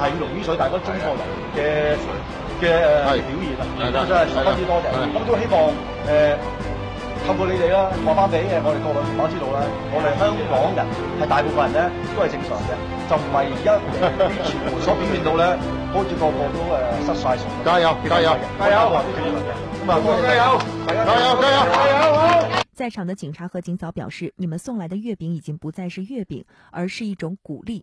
係要融於在大家中國人嘅嘅誒表現啦，真係十分之多謝。咁都希望誒、呃、透過你哋啦，話翻俾我哋國內知道啦，我哋香港人係大部分人咧都係正常嘅，就唔係而家啲傳媒所表現到咧，好似個個都誒失晒神。加油！加油！加油！咁啊、嗯，加油！加油！加油！加油！在場嘅警察和警嫂表示，你們送來嘅月餅已經不再是月餅，而是一種鼓勵。